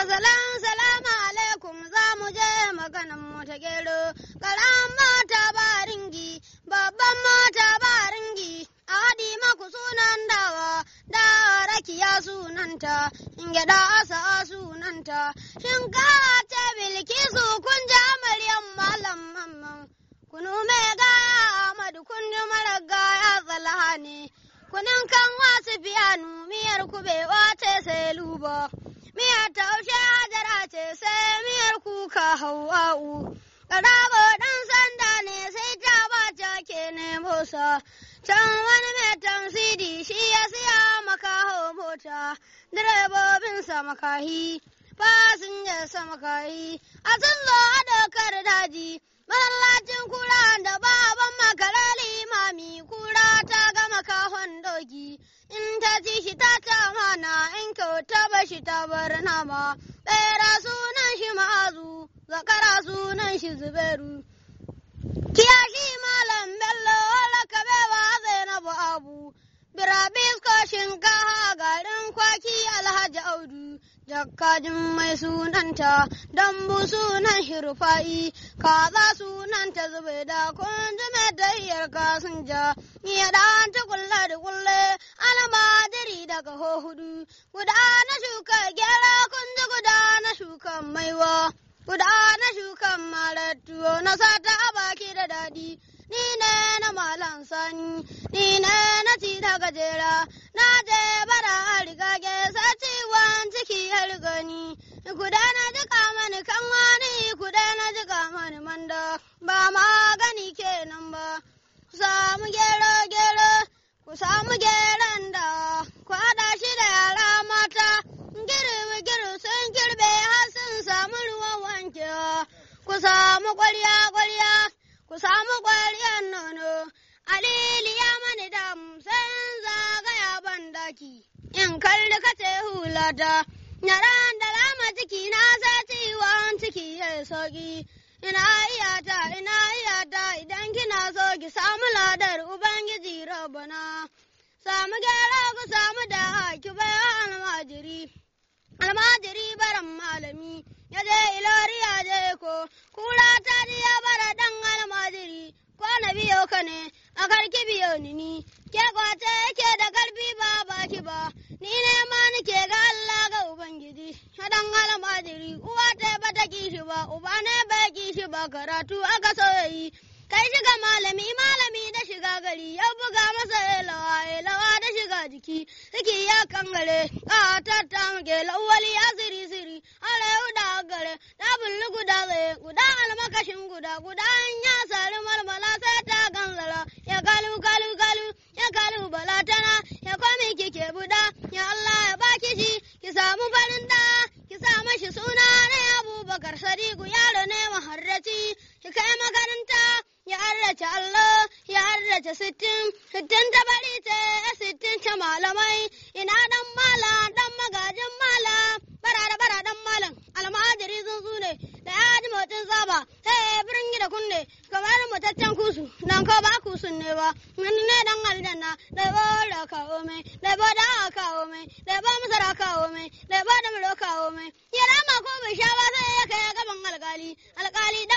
mazalan salamu alaikum za mu je maganin mu ta gero karan mata ba ringi babban mata ba ringi a haɗi maku sunan dawa Da rakiya sunanta in gyaɗa asa sunanta Shin shinkawa ce bilkisu kun ji amaryan malam mamman kunu mai gaya amadu kun ji marar gaya kunin kan wasu biya miyar Kube, Wace, sai luba. ka hawa'u ba ɗan sanda ne sai ta ba ke ne musa can wani mai tamsidi shi ya siya makaho mota direbobin makahi fasinjarsa makahi a tsallo a dokar daji mallacin kura da baban makara limami kura ta gama kahon doki in ta ci shi ta ta mana in kyauta ba shi ta bar nama ɓera sunan shi ma'azu zakara sunan shi zubairu shi malam bello wala ka bewa zainabu abu birabis ko garin kwaki alhaji audu Jaka mai sunanta dambu sunan shirfa'i kaza sunanta zubaida kunjume da iyar kasinja iya da ta kulle da kulle almajiri daga ho hudu guda na shuka gyara kunji guda na shuka maiwa Kuda na shukan marar na sata a baki da dadi. Ni ne na malam sani, ni ne na ci da gajera, na je bara a riga gesa ciwon ciki ya riga ni. Kuda na jika mani kan wani, kuda na ji mani manda, ba gani kenan ba. Ku samu gero gero, ku samu geron da. samu kwariya kwariya ku samu ƙwaryan nono alili ya mani dam sai zagaya ban daki in kalli ka ce hulata na ran da lama ciki na sa ciwon ciki ya sauki ina iyata ina iyata idan kina so ki samu ladar ubangiji rabana samu gyara ku samu da ki bai almajiri baran malami ya je ilori ya je ko kura ta ya bara dan almajiri ko na biyo ka ne a karki biyo ni ni ke kwace yake da karfi ba baki ba ni ne ma nike ga Allah ga ubangiji dan almajiri uwa ta ba ta kishi ba uba ne bai kishi ba karatu aka so kai shiga malami malami da shiga gari ya buga masa lawa lawa da shiga jiki ciki ya kangare ka tatta ke lawali ya siri siri ala gare na bulu guda zai guda almakashin guda guda an ya sari malmala sai ta ganzara ya kalu kalu kalu ya kalu balatana ya kwami kike buda ya Allah ya baki shi ki samu farin da ki sa shi suna ne abubakar sadiku yaro ne maharraci ki kai makaranta ya arrace Allah ya arrace sittin sittin ta bari ce sittin ta malamai ina dan mala dan magajin mala bara da bara dan malam almajiri tsuntsu ne da ya motin zaba sai birni da kunne kamar mutaccen kusu dan ko ba kusu ne ba wani ne dan aljanna da ba da kawo mai da ba da kawo mai da ba masara kawo mai da ba da mulo kawo mai ya rama ko bai sha ba sai ya kai gaban alkali alkali